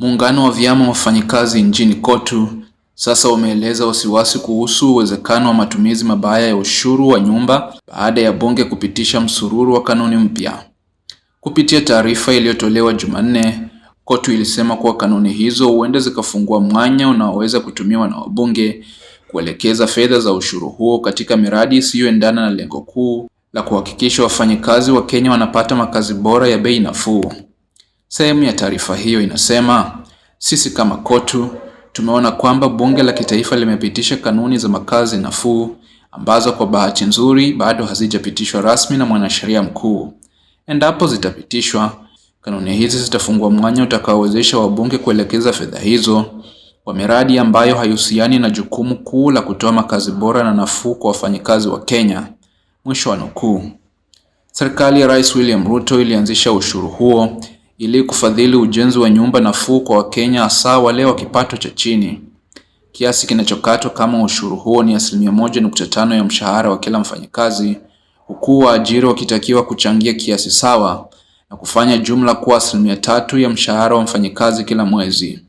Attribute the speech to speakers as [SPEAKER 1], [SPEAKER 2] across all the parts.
[SPEAKER 1] Muungano wa vyama wafanyikazi nchini KOTU sasa umeeleza wasiwasi kuhusu uwezekano wa matumizi mabaya ya ushuru wa nyumba baada ya bunge kupitisha msururu wa kanuni mpya. Kupitia taarifa iliyotolewa Jumanne, KOTU ilisema kuwa kanuni hizo huenda zikafungua mwanya unaoweza kutumiwa na wabunge kuelekeza fedha za ushuru huo katika miradi isiyoendana na lengo kuu la kuhakikisha wafanyikazi wa Kenya wanapata makazi bora ya bei nafuu. Sehemu ya taarifa hiyo inasema, sisi kama KOTU tumeona kwamba bunge la kitaifa limepitisha kanuni za makazi nafuu ambazo kwa bahati nzuri bado hazijapitishwa rasmi na mwanasheria mkuu. Endapo zitapitishwa, kanuni hizi zitafungua mwanya utakaowezesha wabunge kuelekeza fedha hizo kwa miradi ambayo haihusiani na jukumu kuu la kutoa makazi bora na nafuu kwa wafanyikazi wa Kenya. Mwisho wa nukuu. Serikali ya Rais William Ruto ilianzisha ushuru huo ili kufadhili ujenzi wa nyumba nafuu kwa Wakenya hasa wale wa kipato cha chini. Kiasi kinachokatwa kama ushuru huo ni asilimia moja nukta tano ya mshahara wa kila mfanyakazi, huku waajiri wakitakiwa kuchangia kiasi sawa na kufanya jumla kuwa asilimia tatu ya mshahara wa mfanyakazi kila mwezi.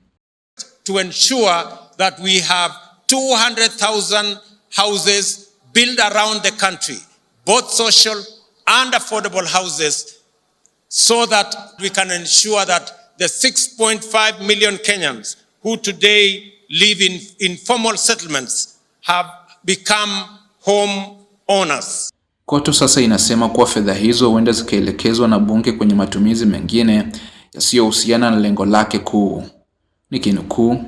[SPEAKER 2] To ensure that we have 200,000 houses built around the country, both social and affordable houses so that we can ensure that the 6.5 million Kenyans who today live in informal settlements have become home owners.
[SPEAKER 1] Koto sasa inasema kuwa fedha hizo huenda zikaelekezwa na bunge kwenye matumizi mengine yasiyohusiana na lengo lake kuu. Nikinukuu,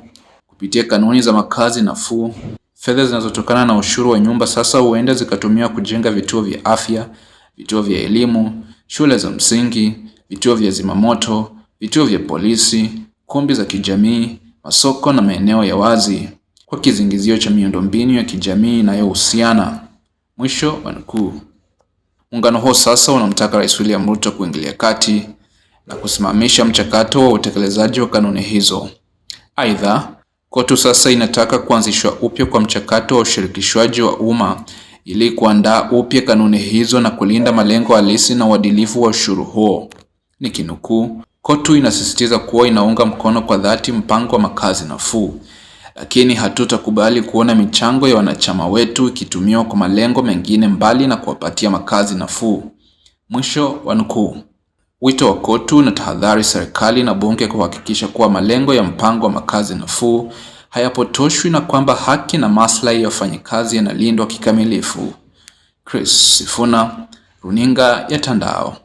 [SPEAKER 1] kupitia kanuni za makazi nafuu, fedha zinazotokana na ushuru wa nyumba sasa huenda zikatumiwa kujenga vituo vya afya, vituo vya elimu shule za msingi, vituo vya zimamoto, vituo vya polisi, kumbi za kijamii, masoko na maeneo ya wazi kwa kizingizio cha miundombinu ya kijamii inayohusiana. Mwisho wa nukuu. Muungano huo sasa unamtaka Rais William Ruto kuingilia kati na kusimamisha mchakato wa utekelezaji wa kanuni hizo. Aidha, kotu sasa inataka kuanzishwa upya kwa mchakato wa ushirikishwaji wa umma ili kuandaa upya kanuni hizo na kulinda malengo halisi na uadilifu wa ushuru huo. Nikinukuu, KOTU inasisitiza kuwa inaunga mkono kwa dhati mpango wa makazi nafuu, lakini hatutakubali kuona michango ya wanachama wetu ikitumiwa kwa malengo mengine mbali na kuwapatia makazi nafuu. Mwisho wa nukuu. Wito wa KOTU na tahadhari serikali na bunge kuhakikisha kuwa malengo ya mpango wa makazi nafuu hayapotoshwi na kwamba haki na maslahi ya wafanyakazi yanalindwa kikamilifu. Chris Sifuna, Runinga ya Tandao.